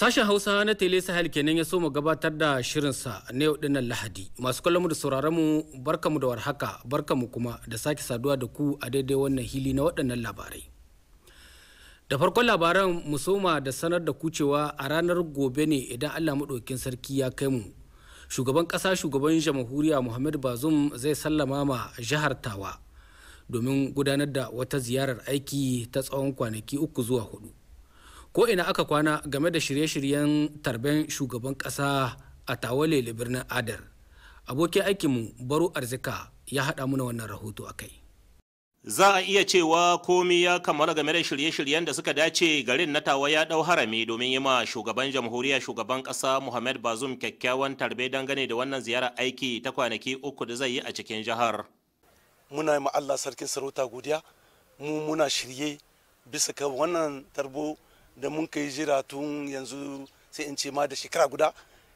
Sashen Hausa na Tele Sahel kenan ya so mu gabatar da shirinsa na yau dinnan Lahadi. Masu kallon mu da sauraron mu barkamu da warhaka, barkamu kuma da sake saduwa da ku a daidai wannan hili na waɗannan labarai. Da farkon labaran mu soma da sanar da kucewa a ranar gobe ne idan Allah maɗaukin sarki ya kai mu. Shugaban ƙasa shugaban jamhuriya Muhammad Bazum zai sallama ma jihar Tawa domin gudanar da wata ziyarar aiki ta tsawon kwanaki uku zuwa hudu. ko ina aka kwana game da shirye-shiryen tarben shugaban kasa a tawale da birnin adar abokin aikinmu baro arzika ya haɗa muna wannan rahoto a kai za a iya cewa komi ya kammala game da shirye-shiryen da suka dace garin na tawa ya dau harami domin yi ma shugaban jamhuriya shugaban kasa muhammad bazum kyakkyawan tarbe dangane da wannan ziyarar aiki ta kwanaki uku da zai yi a cikin jihar muna yi ma allah sarkin sarauta godiya mu muna shirye bisa ka wannan tarbo da mun kai jira tun yanzu sai in ce ma da shekara guda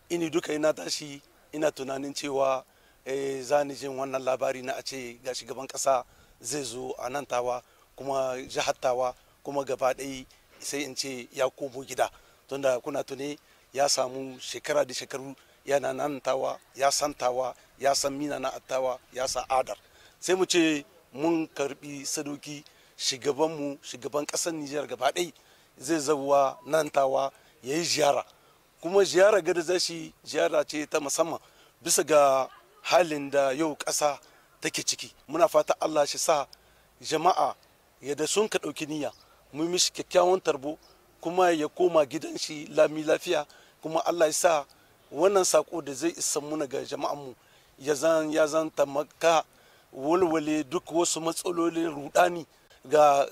ini duka ina tashi ina tunanin cewa eh, za ni jin wannan labari na a ce ga shugaban kasa zai zo a nan tawa kuma jihar tawa kuma gaba ɗaya sai in ce ya komo gida tunda kuna tuni ya samu shekara da shekaru yana nan tawa ya san tawa ya san mina na attawa ya sa adar sai mu ce mun karbi sadoki shugabanmu shugaban ƙasar nijar gaba ɗaya zai zauwa nantawa ya yi ziyara kuma ziyara gada za shi ziyara ce ta musamman bisa ga halin da yau ƙasa take ciki muna fata allah shi sa jama'a yadda sun ka ɗauki niyya mun mishi kyakkyawan tarbo kuma ya koma gidan shi lami lafiya kuma allah ya sa wannan sako da zai isa muna ga jama'anmu ya zan ya zan tamaka walwale duk wasu matsalolin rudani ga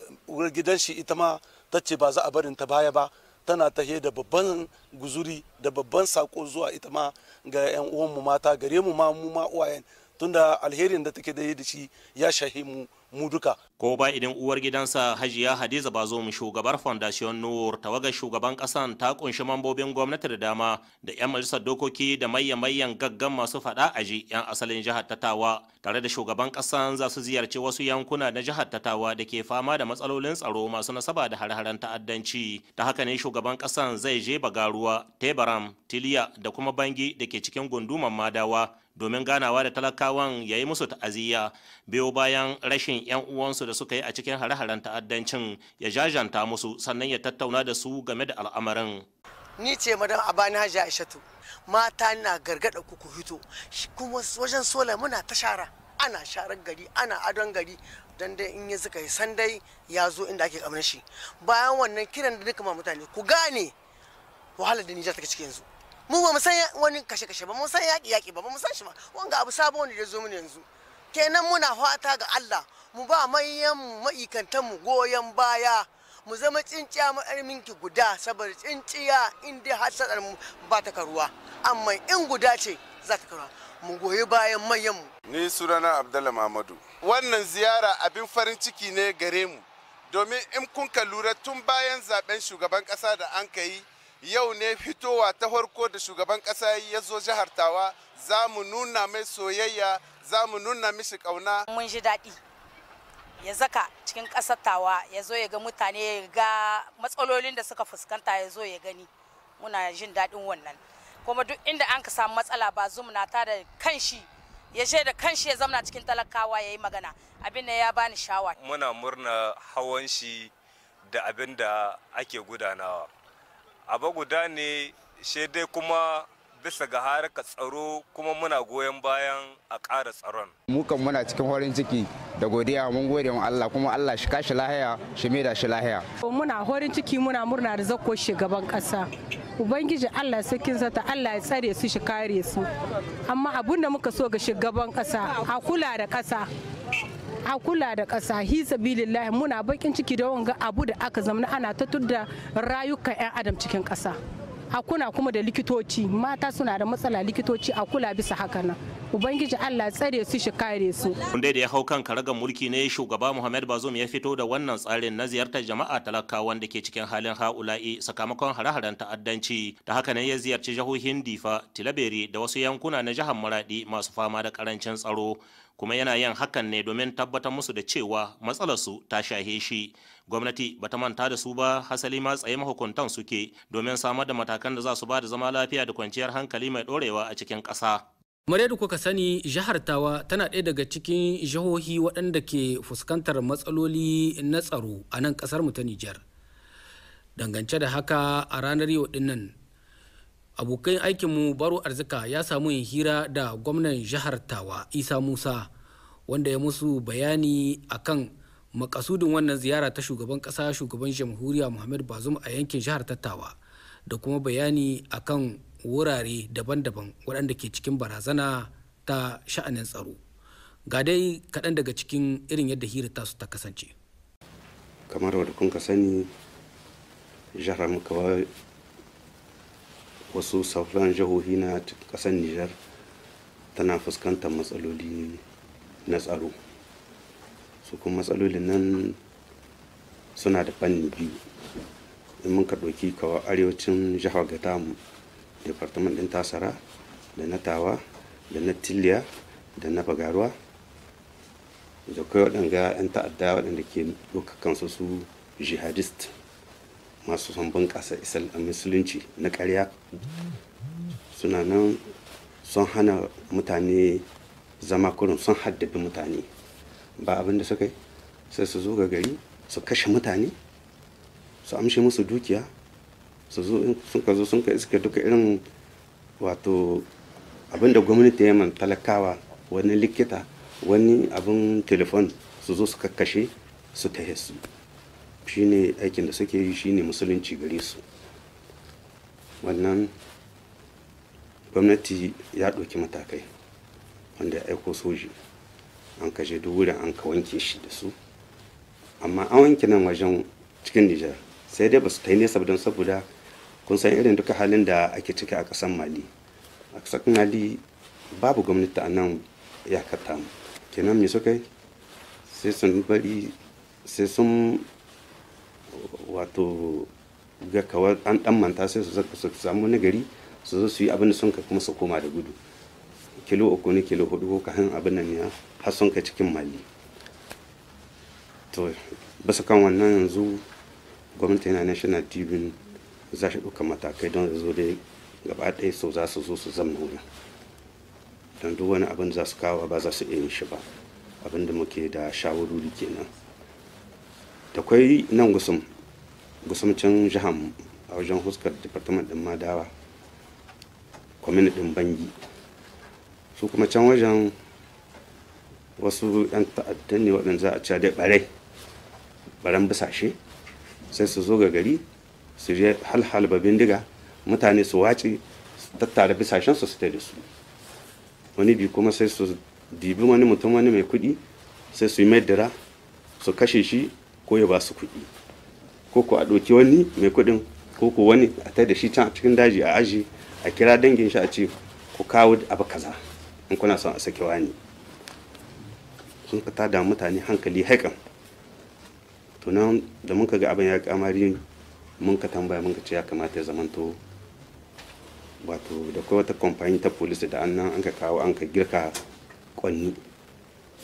gidan shi ita ma ta ce ba za a barin ta baya ba tana tahe da babban guzuri da babban sako zuwa ita ma ga 'yan uwanmu mata gare mu ma mu ma uwayen tunda alherin da take da da shi ya shahi mu duka ko ba idan uwar gidansa hajiya hadiza mu shugabar foundation nur tawagar shugaban kasan ta kunshi mambobin gwamnati da dama da yan majalisar dokoki da mayya mayyan gaggan masu fada ji yan asalin jihar tatawa tare da shugaban kasan za su ziyarci wasu yankuna na jihar tatawa da ke fama da matsalolin tsaro masu nasaba da har ta'addanci ta haka ne shugaban kasan zai je bagaruwa tebaram tiliya da kuma bangi da ke cikin gunduman madawa domin ganawa da talakawan ya yi musu ta'aziyya biyo bayan rashin 'yan uwansu da suka yi a cikin hare-haren ta'addancin ya jajanta musu sannan ya tattauna da su game da al'amarin ni ce madan abani hajji aishatu mata na gargada ku ku hito kuma wajen sola muna ta shara ana sharar gari ana adon gari don dai in yi suka yi sandai ya zo inda ake kamar shi bayan wannan kiran da duka mutane ku gane wahalar da nijar take ciki yanzu mu ba mu san wani kashe-kashe ba mu san yaƙi-yaƙi ba mu san shi ba wanga abu sabo ne da zo mu yanzu kenan muna fata ga Allah mu ba manyan ma'aikantan mu goyon baya mu zama tsinciya minki guda saboda tsinciya inda dai har sadar mu ba ta karuwa amma in guda ce za ta karuwa mu goyi bayan manyan mu ni sunana Abdalla Mamadu wannan ziyara abin farin ciki ne gare mu domin in kun ka lura tun bayan zaben shugaban kasa da an ka yi yau ne fitowa ta farko da shugaban ƙasa ya zo jihar tawa za mu nuna mai soyayya za mu nuna mishi kauna. mun ji daɗi ya zaka cikin ƙasar tawa ya zo ya ga mutane ya ga matsalolin da suka fuskanta ya zo ya gani muna jin daɗin wannan kuma duk inda an ka samu matsala ba zumna ta da kanshi ya she da kanshi ya zamna cikin talakawa ya yi magana abin da ya bani shawa muna murna hawan shi da abin da ake gudanawa abu guda ne dai kuma bisa ga harkar tsaro kuma muna goyon bayan a ƙara tsaron. Mukan muna cikin horin ciki da godiya mun gode wa Allah kuma Allah shi kashi lahiya shi mai da shi lahiya. Muna horin ciki muna murna da zakko shugaban ƙasa. Ubangiji Allah sa ta Allah ya tsare su shi kare su. Amma abun da muka so ga shugaban ƙasa a kula da ƙasa. a kula da ƙasa hisabilillahi muna bakin ciki da wanga abu da aka zama ana ta tudda rayukan 'yan adam cikin ƙasa a kuna kuma da likitoci mata suna da matsala likitoci a kula bisa haka nan ubangiji allah tsare su shi kare su wanda da ya hau kan karagan mulki ne shugaba muhammad bazum ya fito da wannan tsarin na ziyartar jama'a talaka wanda ke cikin halin ha'ula'i sakamakon hare-haren ta'addanci da haka ne ya ziyarci jahohin difa tilaberi da wasu yankuna na jihar maradi masu fama da karancin tsaro kuma yana yin hakan ne domin tabbatar musu da cewa su ta shahe shi gwamnati bata manta da su ba hasali ma tsaye mahukuntan suke domin samar da matakan da za su ba da zama lafiya da kwanciyar hankali mai ɗorewa a cikin ƙasa. kamar yadda kuka sani jihar tawa tana ɗaya daga cikin jihohi waɗanda ke fuskantar matsaloli na tsaro a nan ƙasar mu ta nijar dangance da haka a ranar yau ɗin nan abokan aikinmu baro arzika ya samu yin hira da gwamnan jihar tawa isa musa wanda ya musu bayani akan makasudin wannan ziyara ta shugaban kasa shugaban jamhuriya muhammad bazum a yankin jihar tattawa da kuma bayani akan wurare daban-daban waɗanda ke cikin barazana ta sha'anin tsaro ga dai kaɗan daga cikin irin yadda hira su ta kasance kamar wadda kun ka sani jihar muka wasu sauran jihohi na ƙasar nijar tana fuskantar matsaloli na tsaro su kuma matsalolin nan suna da fanni biyu in muka ɗauki kawo arewacin jihar gatamu departament ɗin tasara da na tawa da na tiliya da na bagaruwa da kai waɗanda 'yan ta'adda waɗanda ke ɗaukar kansu su jihadist masu son bunƙasa musulunci na ƙarya suna nan sun hana mutane zama kurin sun haddabi mutane ba abin da suka yi sai su zo ga gari su kashe mutane su amshe musu dukiya su zo sun ka zo sun ka iska duka irin wato abin da gwamnati ya talakawa wani likita wani abin telefon su zo su kakkashe su tahe su shine aikin da suke yi shine musulunci gare su wannan gwamnati ya ɗauki matakai wanda ya aiko soji an kashe duk wurin an ka wanke shi da su amma an wanke nan wajen cikin nijar sai dai ba su yi nesa don saboda kun san irin duka halin da ake ciki a kasan mali a ƙasar mali babu gwamnati a nan ya kata mu kenan me suka yi sai sun bari sai sun wato ga kawar an dan manta sai su samu nagari gari su zo su yi abin da sun ka kuma su koma da gudu kilo uku ne kilo hudu ko kahin abin nan ya har sun ka cikin mali to su kan wannan yanzu gwamnati na national tv za shi ɗauka matakai don zo dai gaba ɗaya sau za su zo su zama wurin don duk wani abin za su kawo ba za su iya shi ba abin da muke da shawaruri kenan da kwai nan gusum gusum can jihar a wajen huskar departament din madawa kwamini din bangi su kuma can wajen wasu 'yan ta'addan ne waɗanda za a ci dai ɓarai baran bisashe sai su zo ga gari su je ba bindiga mutane su wace su tattara bisashen su su da su wani bi kuma sai su dibi wani mutum wani mai kuɗi sai su yi mai dira su kashe shi ko ya ba su kuɗi ko ko a ɗauki wani mai kuɗin ko ko wani a tai da shi can a cikin daji a aji a kira dangin shi a ce ku kawo abu kaza in kuna son a sake wani sun fita da mutane hankali haikan tunan da muka ga abin ya kamari mun ka tambaya mun ka ce ya kamata ya zamanto wato da kuma wata kamfani ta polisi da annan an ka kawo an ka girka kwanni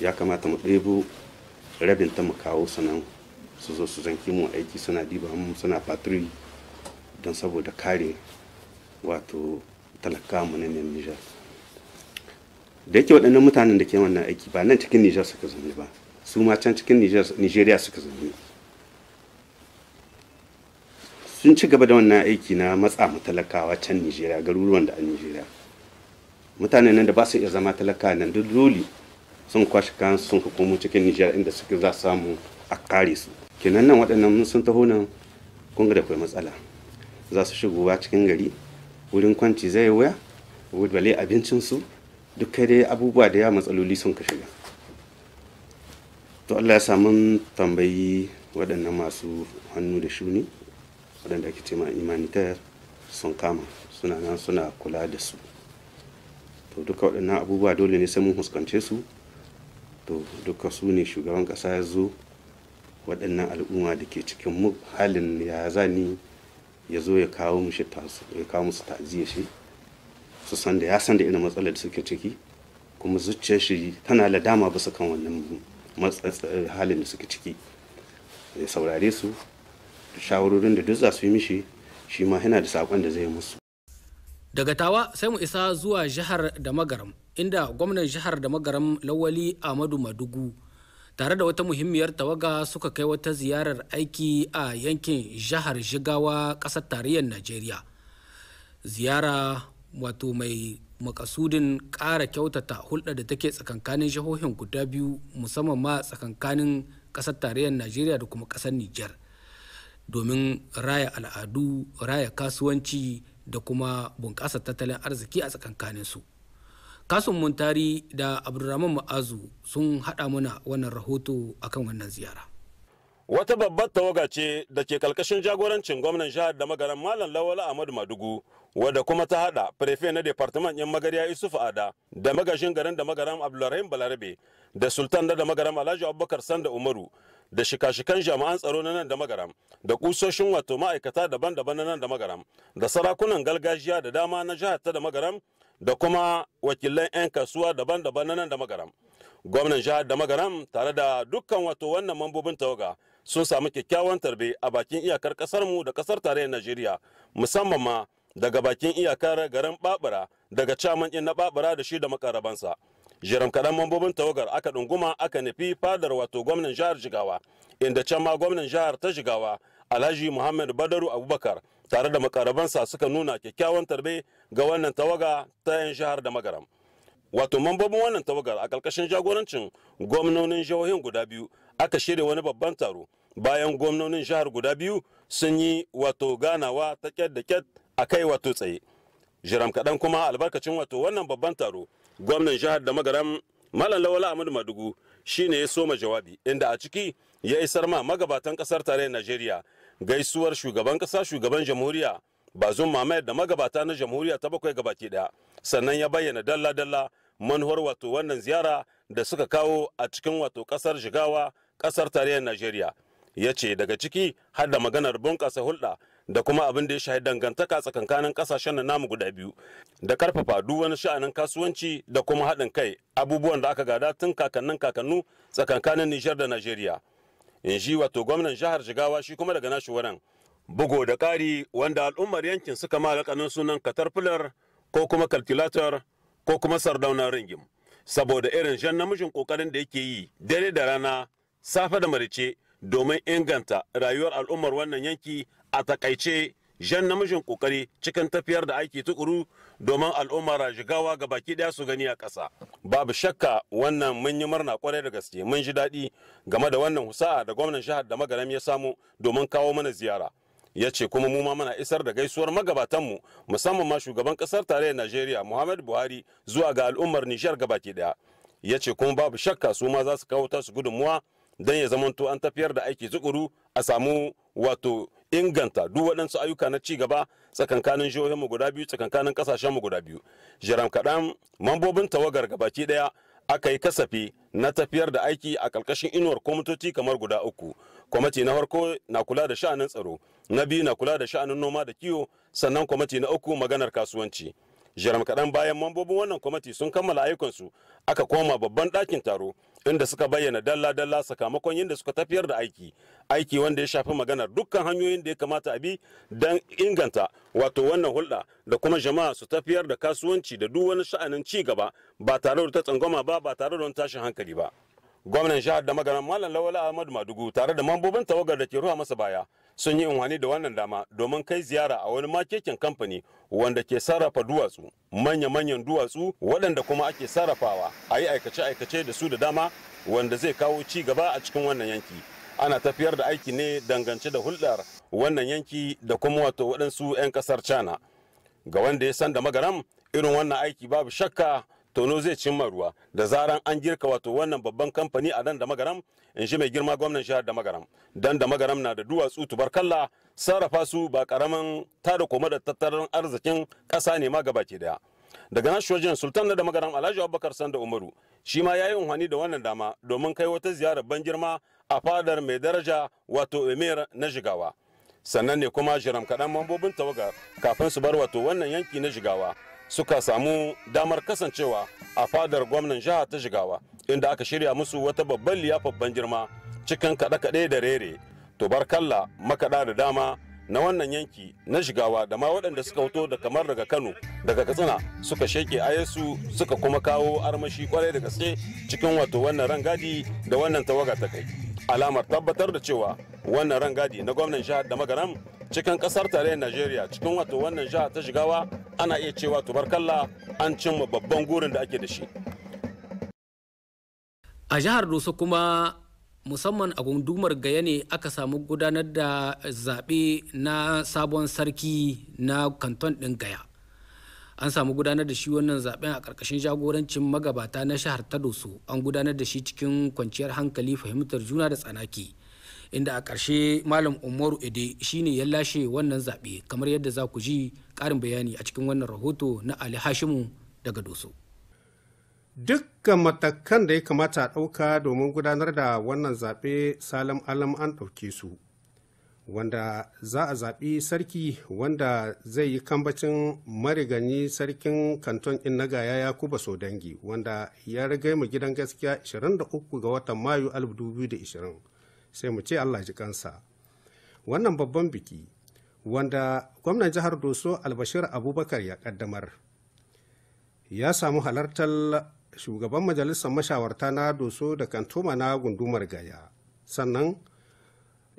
ya kamata mu ɗebo rabin ta mu kawo sanan su zo su zanki mu aiki suna diba mu suna patrui don saboda kare wato talaka mu na Nijar da yake waɗannan mutanen da ke wannan aiki ba nan cikin Nijar suka zaune ba su ma can cikin Nijeriya suka zaune sun ci gaba da wannan aiki na matsa mu talakawa can Nijeriya garuruwan da a Nijeriya mutanen nan da ba su iya zama talaka nan duk dole sun kwashe kan sun hukumu cikin Nijar inda suke za samu a kare su kenan nan waɗannan sun taho nan kun da matsala za su shigowa cikin gari wurin kwanci zai waya bale abincinsu duk kai dai abubuwa da ya matsaloli sun ka shiga to allah ya samu tambayi waɗannan masu hannu da shuni waɗanda ake ce ma imanitar sun kama suna nan suna kula da su to duka waɗannan abubuwa dole ne sai mun huskance su to duka su ne shugaban ƙasa ya zo waɗannan al'umma da ke cikin halin ya zani ya zo ya kawo musu ta'aziyya shi su san da ya san da ina matsalar da suke ciki kuma zuciyar shi tana da dama bisa kan wannan halin da suke ciki ya saurare su da shawarorin da duk za su yi mishi shi ma yana da saƙon da zai musu daga tawa sai mu isa zuwa jihar da magaram inda gwamnan jihar da magaram lawali amadu madugu tare da wata muhimmiyar tawaga suka kai wata ziyarar aiki a yankin jihar jigawa ƙasar tarayyar najeriya ziyara wato mai makasudin ƙara kyautata hulɗar da take tsakankanin jihohin guda biyu musamman ma tsakankanin ƙasar tarayyar najeriya da kuma ƙasar niger domin raya al'adu raya kasuwanci da kuma bunƙasa tattalin arziki a tsakankaninsu kasun muntari da abdurrahman ma'azu sun haɗa mana wannan rahoto akan wannan ziyara wata babbar tawaga ce da ke kalkashin jagorancin gwamnan jihar da magaran malam lawala ahmadu madugu wadda kuma ta hada prefe na departament yan magariya yusuf ada da magajin garin da magaram abdulrahim balarabe da sultan da magaram alhaji abubakar sanda umaru da shikashikan shikan jami'an tsaro na nan da magaram da kusoshin wato ma'aikata daban-daban na nan da magaram da sarakunan gargajiya da dama na jihar ta da magaram da kuma wakilan 'yan kasuwa daban-daban na nan da magaram gwamnan jihar da magaram tare da dukkan wato wannan mambobin tawaga sun samu kyakkyawan tarbe a bakin iyakar kasarmu da kasar tarayyar najeriya musamman ma daga bakin iyakar garin babura daga caman na babura da shi da makarabansa jiram kaɗan mambobin tawagar aka ɗunguma aka nufi fadar wato gwamnan jihar jigawa inda can ma gwamnan jihar ta jigawa alhaji muhammad badaru abubakar tare da makarabansa suka nuna kyakkyawan tarbe ga wannan tawaga ta 'yan jihar da magaram wato mambobin wannan tawagar a ƙarƙashin jagorancin gwamnonin jihohin guda biyu aka shirya wani babban taro bayan gwamnonin jihar guda biyu sun yi wato ganawa ta ƙyar da ƙyar a kai wato tsaye jiram kaɗan kuma albarkacin wato wannan babban taro gwamnan jihar da magaram malam lawal ahmadu madugu shine ya soma jawabi inda a ciki ya isar ma magabatan ƙasar tarayyar najeriya gaisuwar shugaban kasa shugaban jamhuriya bazum mamayar da magabata na jamhuriya ta bakwai gabaki daya sannan ya bayyana dalla-dalla manuwar wato wannan ziyara da suka kawo a cikin wato kasar shigawa kasar tarayyar najeriya ya ce daga ciki har da maganar bunƙasa hulɗa da kuma abin da ya shahi dangantaka tsakankanin kasashen na namu guda biyu da karfafa duk wani sha'anin kasuwanci da kuma haɗin kai abubuwan da aka gada tun kakannin kakannu tsakankanin nijar da najeriya in ji wato gwamnan jihar jigawa shi kuma daga nashi wurin bugu da ƙari wanda al'ummar yankin suka ma alƙanin sunan katarfular ko kuma calculator ko kuma sardaunar ringim saboda irin jan namijin ƙoƙarin da yake yi dare da rana safe da marice domin inganta rayuwar al'ummar wannan yanki a takaice jan namijin kokari cikin tafiyar da aiki tukuru domin al'ummar rajigawa ga baki daya su gani a ƙasa babu shakka wannan mun yi murna kwarai da gaske mun ji daɗi game da wannan husa'a da gwamnan jihar da magaram ya samu domin kawo mana ziyara ya ce kuma mu ma muna isar da gaisuwar magabatanmu musamman ma shugaban ƙasar tarayyar najeriya muhammadu buhari zuwa ga al'ummar nijar gabaki daya ya ce kuma babu shakka su ma za su kawo tasu gudunmuwa don ya zamanto an tafiyar da aiki tukuru a samu wato inganta duk waɗansu ayyuka na ci gaba tsakankanin jihohinmu guda biyu tsakankanin mu guda biyu jiran kaɗan mambobin tawagar gabaki ɗaya aka yi kasafi na tafiyar da aiki a ƙarƙashin inuwar kwamitoci kamar guda uku kwamiti na farko na kula da sha'anin tsaro na biyu na kula da sha'anin noma da kiwo sannan kwamiti na uku maganar kasuwanci jiran kaɗan bayan mambobin wannan kwamiti sun kammala ayyukansu aka koma babban ɗakin taro inda suka bayyana dalla-dalla sakamakon yadda suka tafiyar da aiki aiki wanda ya shafi magana dukkan hanyoyin da ya kamata a bi don inganta wato wannan hulɗa da kuma jama'a su tafiyar da kasuwanci da duk wani sha'anin ci gaba ba tare da ta tsangwama ba ba tare da wani tashin hankali ba gwamnan jihar da maganar malam lawala ahmad madugu tare da mambobin tawagar da ke ruwa masa baya sun yi unhani da wannan dama domin kai ziyara a wani makekin kamfani wanda ke sarrafa duwatsu manya-manyan duwatsu waɗanda kuma ake sarrafawa a yi aikace-aikace da su da dama wanda zai kawo ci gaba a cikin wannan yanki ana tafiyar da aiki ne dangance da hulɗar wannan yanki da kuma wato waɗansu 'yan ƙasar cana ga wanda ya san da magaram irin wannan aiki babu shakka tono zai cimma ruwa da zaran an girka wato wannan babban kamfani a nan da magaram in ji mai girma gwamnan jihar da magaram dan da magaram na da duwatsu tubarkalla sarrafa su ba karamin tada koma da tattalin arzikin ƙasa ne ma gabaki daya daga nan wajen sultan da magaram alhaji abubakar sanda umaru shi ma ya yi unhani da wannan dama domin kai wata ziyarar ban girma a fadar mai daraja wato emir na shigawa sannan ne kuma jiram kaɗan mambobin tawagar kafin su bar wato wannan yanki na shigawa suka samu damar kasancewa a fadar gwamnan jiha ta shigawa inda aka shirya musu wata babban liyafa ban girma cikin kaɗe-kaɗe da rere to barkalla makaɗa da dama na wannan yanki na shigawa da ma waɗanda suka hoto da kamar daga kano daga katsina suka sheke ayesu suka kuma kawo armashi kwarai da gaske cikin wato wannan rangadi da wannan tawaga ta kai alamar tabbatar da cewa wannan rangadi na gwamnan jihar da magaram cikin kasar tarayyar najeriya cikin wato wannan jihar ta shigawa ana iya cewa tubarkalla an cimma babban gurin da ake da shi a jihar doso kuma musamman a gundumar gaya ne aka samu gudanar da zaɓe na sabon sarki na kanton ɗin gaya an samu gudanar da shi wannan zaɓen a ƙarƙashin jagorancin magabata na shahar ta doso an gudanar da shi cikin kwanciyar hankali fahimtar juna da tsanaki inda a ƙarshe malam umaru ede shine ya lashe wannan zaɓe kamar yadda za ku ji ƙarin bayani a cikin wannan rahoto na ali hashimu daga doso dukka matakan da ya kamata a ɗauka domin gudanar da wannan zaɓe salam alam an ɗauke su wanda za a zaɓi sarki wanda zai yi kambacin marigani sarkin kanton kuba yakuba dangi wanda ya ragai mu gidan gaskiya 23 ga watan mayu 2020 sai mu ce allah ji kansa wannan babban biki wanda gwamnan jihar doso albashir abubakar ya kaddamar ya samu halartar shugaban majalisar mashawarta na doso da kantoma na gundumar gaya sannan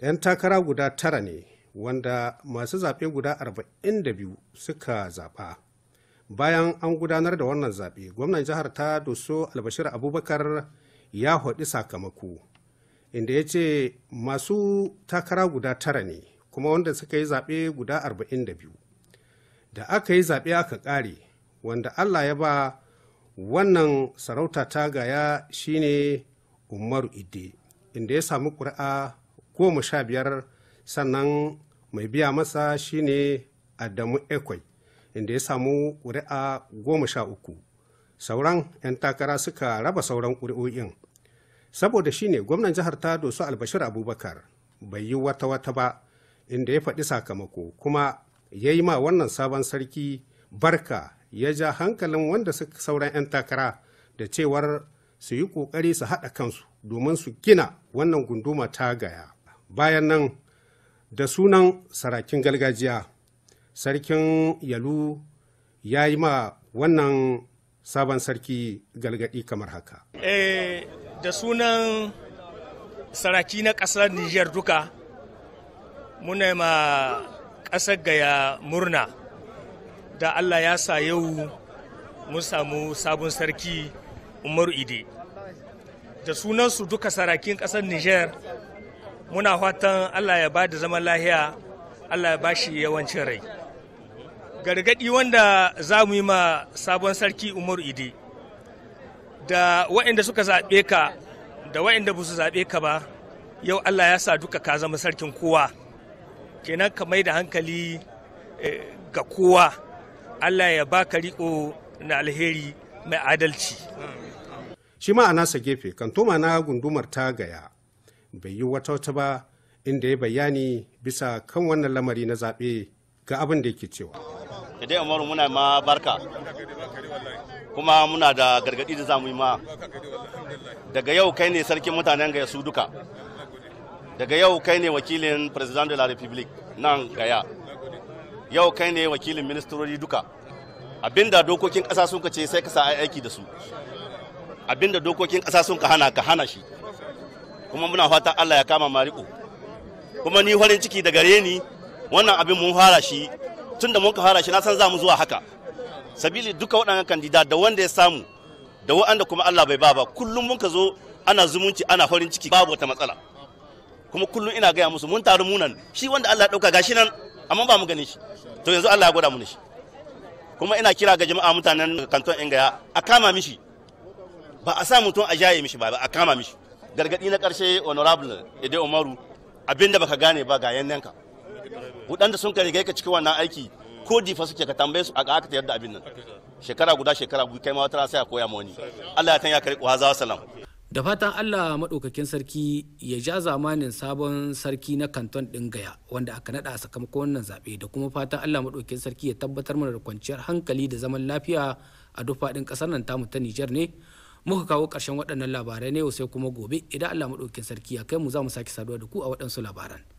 'yan takara guda tara ne wanda masu zaɓe guda 42 suka zaɓa bayan an gudanar da wannan zaɓe gwamnan jihar ta doso albashir abubakar ya haɗi sakamako inda ya ce masu takara guda tara ne kuma wanda suka yi zaɓe guda arba'in da biyu da aka yi zaɓe aka ƙare wanda allah ya ba wannan sarauta ta gaya shine umaru ide inda ya samu ƙuri'a goma sha biyar sannan mai biya masa shine adamu ekwai inda ya samu ƙuri'a goma sha uku sauran 'yan takara suka raba sauran ƙuri'o'in saboda shi ne, gwamnan jihar ta dosu albashir abubakar bai yi wata wata ba inda ya faɗi sakamako kuma ya yi ma wannan sabon sarki barka ya ja hankalin wanda suka sauran 'yan takara da cewar su yi ƙoƙari su haɗa kansu domin su gina wannan gunduma ta gaya bayan nan da sunan sarakin gargajiya sarkin yalu ya yi ma wannan sabon sarki galgadi kamar haka. Eh, da sunan saraki na ƙasar Nijar duka muna ma ƙasar gaya murna da Allah ya sa yau mun samu sabon sarki Umaru Ide. Da sunansu duka sarakin ƙasar Nijar muna fatan Allah ya ba da zaman lahiya Allah ya ba shi yawancin rai. Gargaɗi wanda za mu yi ma sabon sarki Umaru Ide da waɗanda suka zaɓe ka da waɗanda ba su zaɓe ka ba yau Allah ya sa duka ka zama sarkin kowa kenan ka mai da hankali eh, ga kowa Allah ya ba ka riko na alheri mai adalci shi ma a nasa gefe kantoma na gundumar ta gaya bai yi wata wata ba inda ya bayani bisa kan wannan lamari na zaɓe ga abin da yake cewa. Idai Umaru muna ma barka. kuma muna da gargaɗi da zamu yi ma daga yau kai ne sarkin mutanen gaya su duka daga yau kai ne wakilin president de la republique nan gaya yau kai ne wakilin ministerori duka abinda dokokin ƙasa sun ka ce sai ka sa aiki da su abinda dokokin ƙasa sun ka hana ka hana shi kuma muna fata Allah ya kama mariko kuma ni farin ciki da gare ni wannan abin mun fara shi tun da mun ka fara shi na san za mu zuwa haka sabili duka waɗannan kandida da wanda ya samu da waɗanda kuma Allah bai ba ba kullum mun ka zo ana zumunci ana farin ciki babu wata matsala kuma kullum ina gaya musu mun taru munan shi wanda Allah ya ɗauka gashi nan amma ba mu gani shi to yanzu Allah ya gwada mu shi kuma ina kira ga jama'a mutanen kanton ingaya a kama mishi ba a sa mutum a jaye mishi ba a kama mishi gargadi na karshe honorable ide umaru abinda baka gane ba ga yannan ka waɗanda sun ka riga cikin wannan aiki kodi fa suke ka tambaye su a aka ta yadda abin nan shekara guda shekara kai ma wata sai a koya ma wani Allah ya tanya kare wa za salam da fatan Allah madaukakin sarki ya ja zamanin sabon sarki na kanton ɗin Gaya wanda aka nada sakamakon wannan zabe da kuma fatan Allah madaukakin sarki ya tabbatar mana da kwanciyar hankali da zaman lafiya a duk faɗin ƙasar nan tamu ta Nijar ne muka kawo karshen waɗannan labarai ne sai kuma gobe idan Allah madaukakin sarki ya kai mu za mu sake saduwa da ku a waɗansu labaran